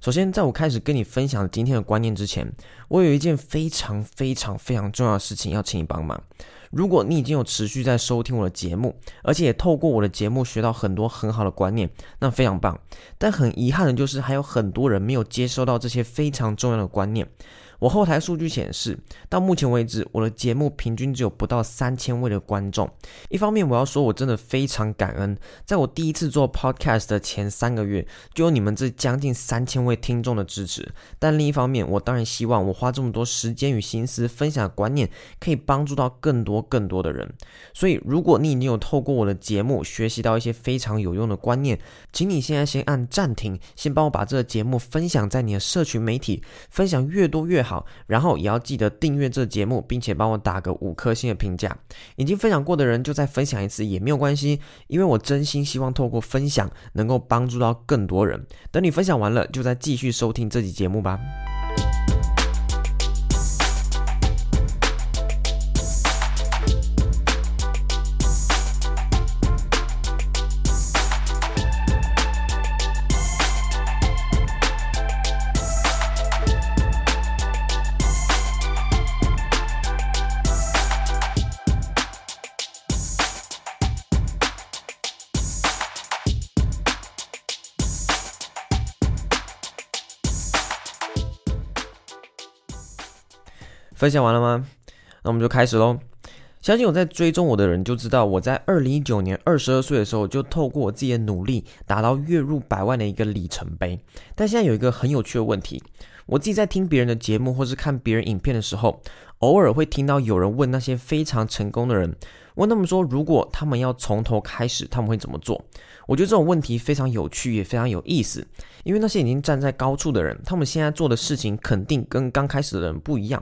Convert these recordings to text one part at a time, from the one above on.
首先，在我開始跟你分享今天的觀念之前，我有一件非常非常非常重要的事情要請你幫忙。如果你已經有持續在收聽我的節目，而且也透過我的節目學到很多很好的觀念，那非常棒。但很遺憾的就是，還有很多人沒有接收到這些非常重要的觀念。我後台數據顯示，到目前為止，我的節目平均只有不到三千位的觀眾。一方面，我要說我真的非常感恩，在我第一次做 podcast 的前三個月，就有你們這將近三千位聽眾的支持。但另一方面，我當然希望我花這麼多時間與心思分享的觀念，可以幫助到更多更多的人。所以，如果你已經有透過我的節目學習到一些非常有用的觀念，請你現在先按暫停，先幫我把這個節目分享在你的社群媒體，分享越多越好。好，然後也要記得訂閱這節目，並且幫我打個五顆星的評價。已經分享過的人，就再分享一次也沒有關係，因為我真心希望透過分享能夠幫助到更多人。等你分享完了，就再繼續收聽這集節目吧。分享完了嗎？那我們就開始嘍。相信有在追蹤我的人就知道，我在二零一九年二十二歲的時候，就透過我自己的努力，達到月入百萬的一個里程碑。但現在有一個很有趣的問題，我自己在聽別人的節目或是看別人影片的時候，偶爾會聽到有人問那些非常成功的人。問他們說，如果他們要從頭開始，他們會怎麼做？我覺得這種問題非常有趣，也非常有意思。因為那些已經站在高處的人，他們現在做的事情肯定跟剛開始的人不一樣。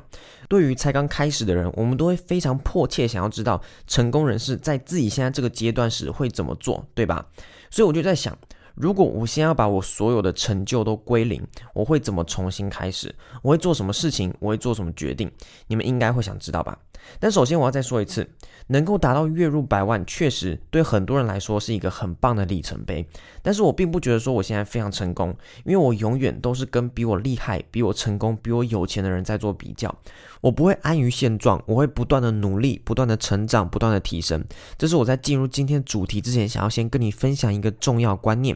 對於才剛開始的人，我們都會非常迫切想要知道成功人士在自己現在這個階段時會怎麼做，對吧？所以我就在想。如果我先要把我所有的成就都歸零，我會怎麼重新開始？我會做什麼事情？我會做什麼決定？你們應該會想知道吧？但首先我要再說一次，能夠達到月入百萬，確實對很多人來說是一個很棒的里程碑。但是我並不覺得說我現在非常成功，因為我永遠都是跟比我厲害、比我成功、比我有錢的人在做比較。我不會安於現狀，我會不斷的努力、不斷的成長、不斷的提升。這是我在進入今天主題之前，想要先跟你分享一個重要觀念。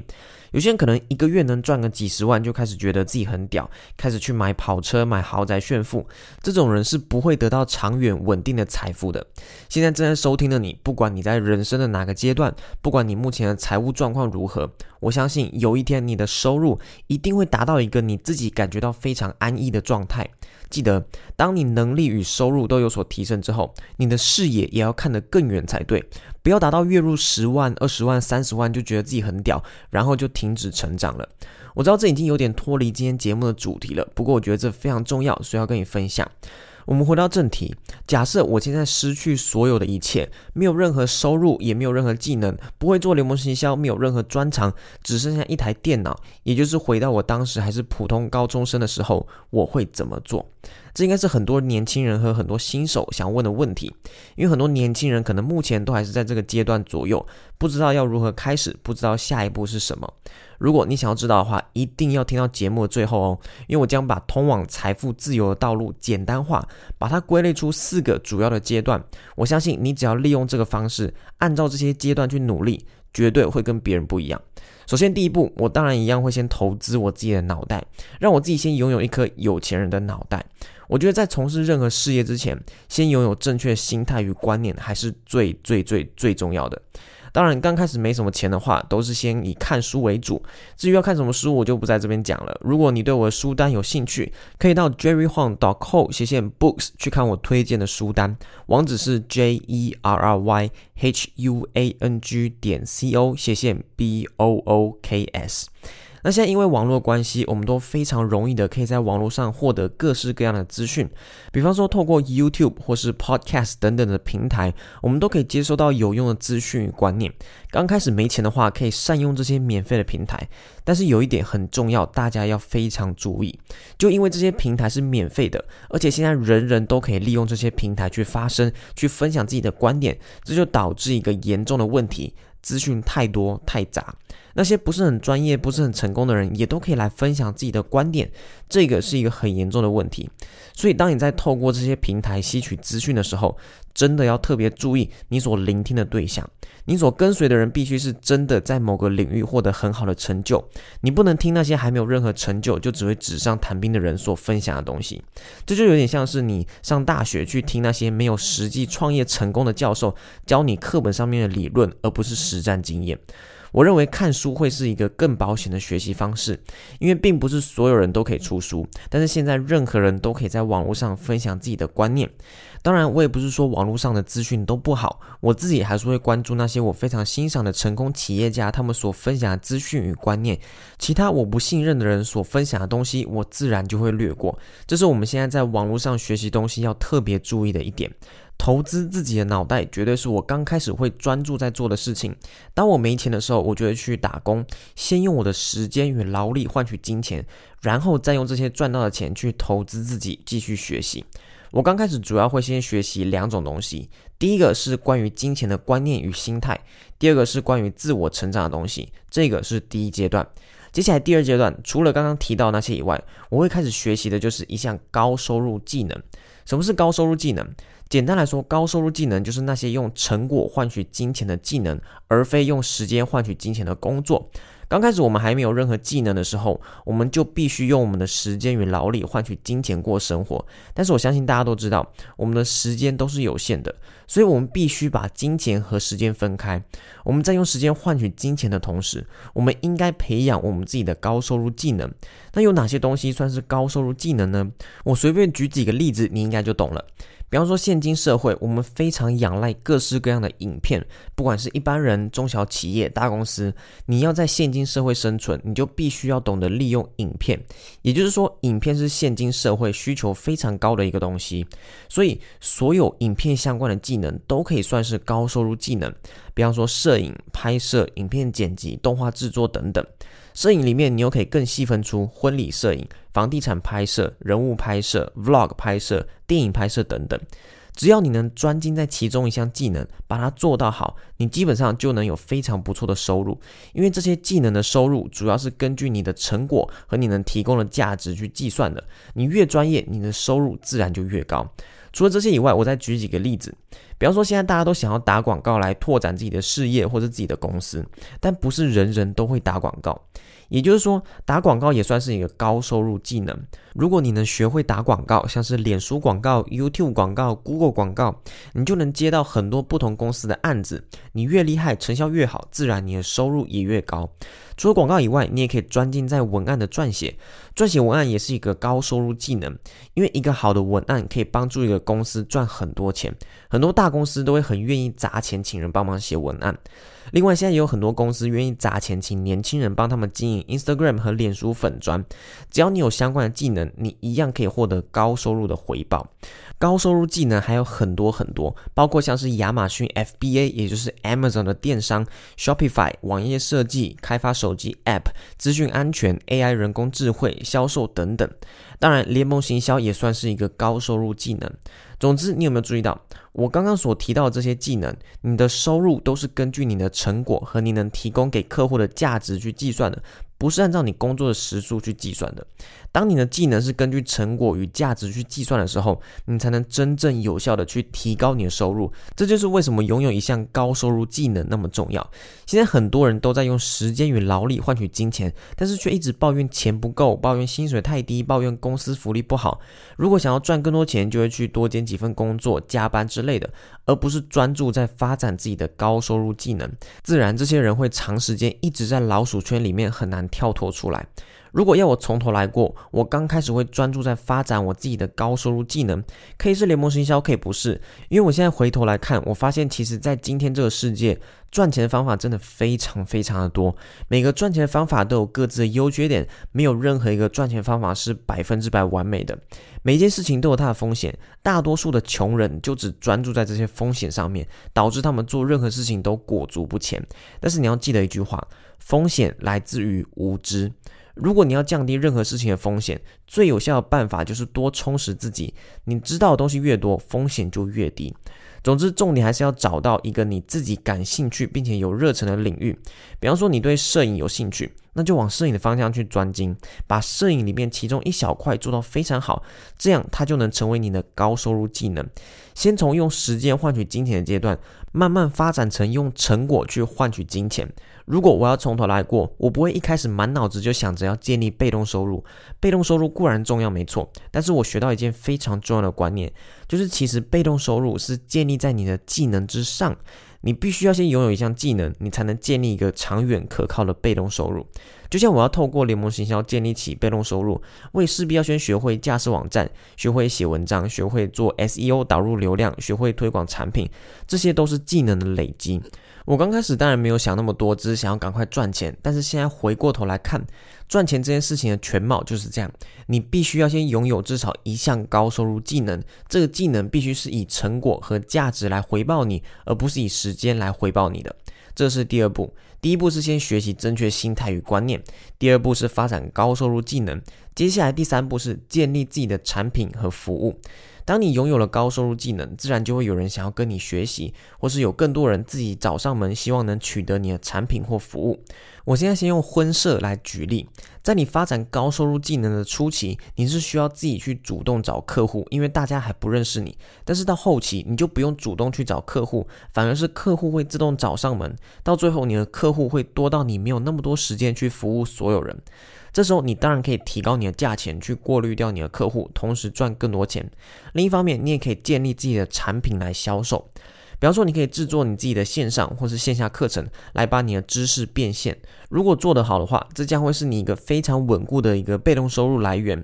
有些人可能一個月能賺個幾十萬，就開始覺得自己很屌，開始去買跑車、買豪宅炫富。這種人是不會得到長遠穩定的財富的。現在正在收聽的你，不管你在人生的哪個階段，不管你目前的財務狀況如何。我相信有一天你的收入一定會達到一個你自己感覺到非常安逸的狀態。記得，當你能力與收入都有所提升之後，你的視野也要看得更遠才對。不要達到月入十萬、二十萬、三十萬就覺得自己很屌，然後就停止成長了。我知道這已經有點脫離今天節目的主題了，不過我覺得這非常重要，所以要跟你分享。我們回到正題，假設我現在失去所有的一切，沒有任何收入，也沒有任何技能，不會做聯盟行銷，沒有任何專長，只剩下一台電腦，也就是回到我當時還是普通高中生的時候，我會怎麼做？這應該是很多年輕人和很多新手想問的問題，因為很多年輕人可能目前都還是在這個階段左右，不知道要如何開始，不知道下一步是什麼。如果你想要知道的話，一定要聽到節目的最後哦，因為我將把通往財富自由的道路簡單化，把它歸類出四個主要的階段。我相信你只要利用這個方式，按照這些階段去努力。絕對會跟別人不一樣。首先，第一步，我當然一樣會先投資我自己的腦袋，讓我自己先擁有一顆有錢人的腦袋。我覺得在從事任何事業之前，先擁有正確心態與觀念，還是最最最最最重要的。當然，剛開始沒什麼錢的話，都是先以看書為主。至於要看什麼書，我就不在這邊講了。如果你對我的書單有興趣，可以到 jerryhuang.co 斜線 books 去看我推薦的書單。網址是 j e r r y h u a n g 點 c o 斜線 b o o k s。那現在因為網絡的關係，我們都非常容易的可以在網絡上獲得各式各樣的資訊，比方說透過 YouTube 或是 Podcast 等等的平台，我們都可以接收到有用的資訊與觀念。剛開始沒錢的話，可以善用這些免費的平台。但是有一點很重要，大家要非常注意，就因為這些平台是免費的，而且現在人人都可以利用這些平台去發聲、去分享自己的觀點，這就導致一個嚴重的問題：資訊太多太雜。那些不是很專業、不是很成功的人，也都可以來分享自己的觀點。這個是一個很嚴重的問題。所以，當你在透過這些平台吸取資訊的時候，真的要特別注意你所聆聽的對象，你所跟隨的人必須是真的在某個領域獲得很好的成就。你不能聽那些還沒有任何成就就只會紙上談兵的人所分享的東西。這就有點像是你上大學去聽那些沒有實際創業成功的教授教你課本上面的理論，而不是實戰經驗。我認為看書會是一個更保險的學習方式，因為並不是所有人都可以出書，但是現在任何人都可以在網絡上分享自己的觀念。當然，我也不是說網絡上的資訊都不好，我自己還是會關注那些我非常欣賞的成功企業家，他們所分享的資訊與觀念。其他我不信任的人所分享的東西，我自然就會略過。這是我們現在在網絡上學習東西要特別注意的一點。投資自己的腦袋，絕對是我剛開始會專注在做的事情。當我沒錢的時候，我就會去打工，先用我的時間與勞力換取金錢，然後再用這些賺到的錢去投資自己，繼續學習。我剛開始主要會先學習兩種東西，第一個是關於金錢的觀念與心態，第二個是關於自我成長的東西。這個是第一階段。接下來第二階段，除了剛剛提到那些以外，我會開始學習的就是一項高收入技能。什麼是高收入技能？簡單來說，高收入技能就是那些用成果換取金錢的技能，而非用時間換取金錢的工作。剛開始我們還沒有任何技能的時候，我們就必須用我們的時間與勞力換取金錢過生活。但是我相信大家都知道，我們的時間都是有限的，所以我們必須把金錢和時間分開。我們在用時間換取金錢的同時，我們應該培養我們自己的高收入技能。那有哪些東西算是高收入技能呢？我隨便舉幾個例子，你應該就懂了。比方說，現今社會，我們非常仰賴各式各樣的影片，不管是一般人、中小企業、大公司，你要在現今社會生存，你就必須要懂得利用影片。也就是說，影片是現今社會需求非常高的一個東西，所以所有影片相關的技能都可以算是高收入技能。比方說，攝影、拍攝、影片剪輯、動畫製作等等。攝影裡面，你又可以更細分出婚禮攝影、房地產拍攝、人物拍攝、vlog 拍攝、電影拍攝等等。只要你能專精在其中一項技能，把它做到好，你基本上就能有非常不錯的收入。因為這些技能的收入主要是根據你的成果和你能提供的價值去計算的。你越專業，你的收入自然就越高。除了這些以外，我再舉幾個例子。比方說，現在大家都想要打廣告來拓展自己的事業或者自己的公司，但不是人人都會打廣告。也就是說，打廣告也算是一個高收入技能。如果你能學會打廣告，像是臉書廣告、YouTube 廣告、Google 廣告，你就能接到很多不同公司的案子。你越厲害，成效越好，自然你的收入也越高。除了廣告以外，你也可以專精在文案的撰寫。撰寫文案也是一個高收入技能，因為一個好的文案可以幫助一個公司賺很多錢。很多大公司都會很願意砸錢請人幫忙寫文案。另外，現在也有很多公司願意砸錢請年輕人幫他們經營 Instagram 和臉書粉專。只要你有相關的技能，你一樣可以獲得高收入的回報。高收入技能還有很多很多，包括像是亞馬遜 FBA，也就是 Amazon 的電商；Shopify、網頁設計、開發手機 App、資訊安全、AI 人工智慧、銷售等等。當然，聯盟行銷也算是一個高收入技能。總之，你有沒有注意到我剛剛所提到的這些技能？你的收入都是根據你的成果和你能提供給客戶的價值去計算的，不是按照你工作的時數去計算的。當你的技能是根據成果與價值去計算的時候，你才能真正有效的去提高你的收入。這就是為什麼擁有一項高收入技能那麼重要。現在很多人都在用時間與勞力換取金錢，但是卻一直抱怨錢不夠，抱怨薪水太低，抱怨公司福利不好。如果想要賺更多錢，就會去多兼幾份工作、加班之類的，而不是專注在發展自己的高收入技能。自然，這些人會長時間一直在老鼠圈裡面，很難跳脫出來。如果要我從頭來過，我剛開始會專注在發展我自己的高收入技能，可以是聯盟行銷，可以不是。因為我現在回頭來看，我發現其實在今天這個世界，賺錢的方法真的非常非常的多，每個賺錢的方法都有各自的優缺點，沒有任何一個賺錢的方法是百分之百完美的。每一件事情都有它的風險，大多數的窮人就只專注在這些風險上面，導致他們做任何事情都裹足不前。但是你要記得一句話：風險來自於無知。如果你要降低任何事情的風險，最有效的辦法就是多充實自己。你知道的東西越多，風險就越低。總之，重點還是要找到一個你自己感興趣並且有熱忱的領域。比方說，你對攝影有興趣，那就往攝影的方向去專精，把攝影裡面其中一小塊做到非常好，這樣它就能成為你的高收入技能。先從用時間換取金錢的階段，慢慢發展成用成果去換取金錢。如果我要從頭來過，我不會一開始滿腦子就想着要建立被動收入。被動收入固然重要，沒錯，但是我學到一件非常重要的觀念，就是其實被動收入是建立在你的技能之上。你必須要先擁有一項技能，你才能建立一個長遠可靠的被動收入。就像我要透過聯盟行銷建立起被動收入，我也勢必要先學會架設網站、學會寫文章、學會做 SEO 導入流量、學會推廣產品，這些都是技能的累積。我剛開始當然沒有想那麼多，只是想要趕快賺錢。但是現在回過頭來看，賺錢這件事情的全貌就是這樣：你必須要先擁有至少一項高收入技能，這個技能必須是以成果和價值來回報你，而不是以時間來回報你的。這是第二步。第一步是先學習正確心態與觀念。第二步是發展高收入技能。接下來第三步是建立自己的產品和服務。當你擁有了高收入技能，自然就會有人想要跟你學習，或是有更多人自己找上門，希望能取得你的產品或服務。我現在先用婚攝來舉例，在你發展高收入技能的初期，你是需要自己去主動找客戶，因為大家還不認識你。但是到後期，你就不用主動去找客戶，反而是客戶會自動找上門。到最後，你的客戶會多到你沒有那麼多時間去服務所有人。這時候，你當然可以提高你的價錢，去過濾掉你的客戶，同時賺更多錢。另一方面，你也可以建立自己的產品來銷售。比方說，你可以製作你自己的線上或是線下課程，來把你的知識變現。如果做得好的話，這將會是你一個非常穩固的一個被動收入來源。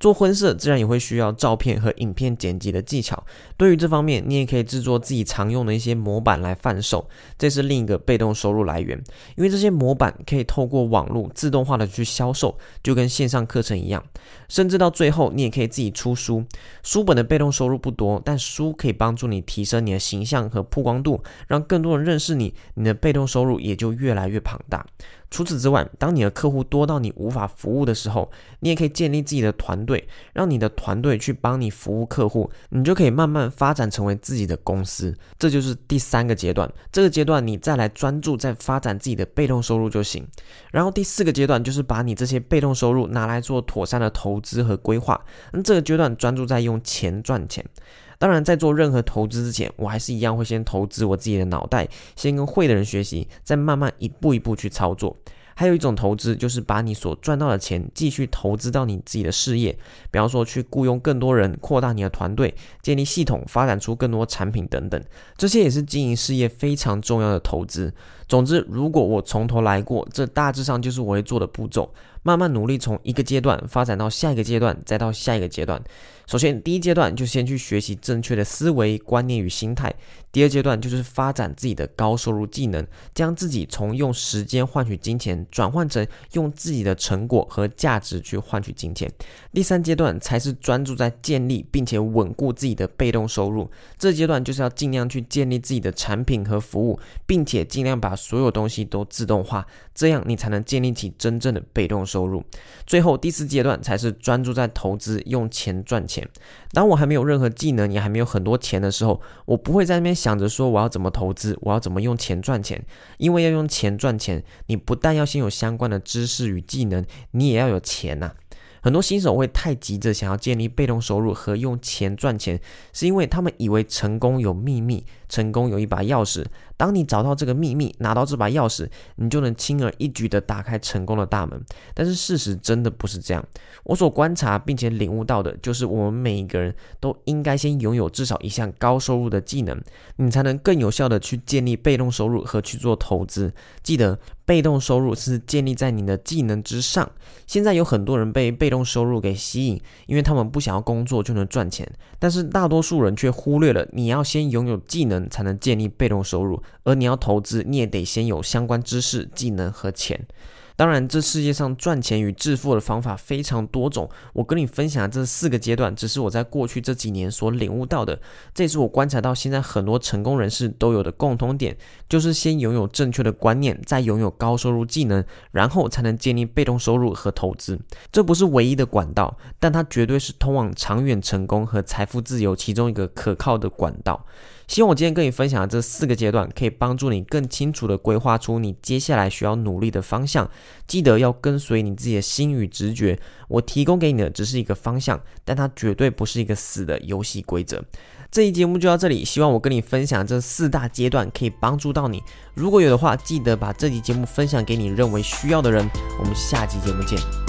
做婚攝自然也會需要照片和影片剪輯的技巧，對於這方面，你也可以製作自己常用的一些模板來販售，這是另一個被動收入來源。因為這些模板可以透過網絡自動化的去銷售，就跟線上課程一樣，甚至到最後，你也可以自己出書。書本的被動收入不多，但書可以幫助你提升你的形象和曝光度，讓更多人認識你，你的被動收入也就越來越龐大。除此之外，當你的客戶多到你無法服務的時候，你也可以建立自己的團隊，讓你的團隊去幫你服務客戶，你就可以慢慢發展成為自己的公司。這就是第三個階段，這個階段你再來專注在發展自己的被動收入就行。然後第四個階段就是把你這些被動收入拿來做妥善的投資和規劃，那這個階段專注在用錢賺錢。當然，在做任何投資之前，我還是一樣會先投資我自己的腦袋，先跟會的人學習，再慢慢一步一步去操作。還有一種投資，就是把你所賺到的錢繼續投資到你自己的事業，比方說去雇傭更多人，擴大你的團隊，建立系統，發展出更多產品等等。這些也是經營事業非常重要的投資。總之，如果我從頭來過，這大致上就是我會做的步驟。慢慢努力從一個階段發展到下一個階段，再到下一個階段。首先，第一階段就先去學習正確的思維觀念與心態；第二階段就是發展自己的高收入技能，將自己從用時間換取金錢，轉換成用自己的成果和價值去換取金錢。第三階段才是專注在建立並且穩固自己的被動收入，這階段就是要盡量去建立自己的產品和服務，並且盡量把所有東西都自動化，這樣你才能建立起真正的被動收入。最後第四階段才是專注在投資，用錢賺錢。當我還沒有任何技能，你還沒有很多錢的時候，我不會在那邊想着說我要怎麼投資，我要怎麼用錢賺錢，因為要用錢賺錢，你不但要先有相關的知識與技能，你也要有錢吶、啊。很多新手會太急着想要建立被動收入和用錢賺錢，是因為他們以為成功有秘密，成功有一把鑰匙。當你找到這個秘密，拿到這把鑰匙，你就能輕而易舉地打開成功的大門。但是事實真的不是這樣。我所觀察並且領悟到的就是，我們每一個人都應該先擁有至少一項高收入的技能，你才能更有效地去建立被動收入和去做投資。記得，被動收入是建立在你的技能之上。現在有很多人被被動收入給吸引，因為他們不想要工作就能賺錢。但是大多數人卻忽略了，你要先擁有技能才能建立被動收入。而你要投資，你也得先有相關知識、技能和錢。當然，這世界上賺錢與致富的方法非常多種。我跟你分享這四個階段，只是我在過去這幾年所領悟到的，這也是我觀察到現在很多成功人士都有的共通點，就是先擁有正確的觀念，再擁有高收入技能，然後才能建立被動收入和投資。這不是唯一的管道，但它絕對是通往長遠成功和財富自由其中一個可靠的管道。希望我今天跟你分享的這四個階段，可以幫助你更清楚地規劃出你接下來需要努力的方向。記得要跟隨你自己的心與直覺。我提供給你的只是一個方向，但它絕對不是一個死的遊戲規則。這期節目就到這裡，希望我跟你分享這四大階段可以幫助到你。如果有的話，記得把這期節目分享給你認為需要的人。我們下集節目見。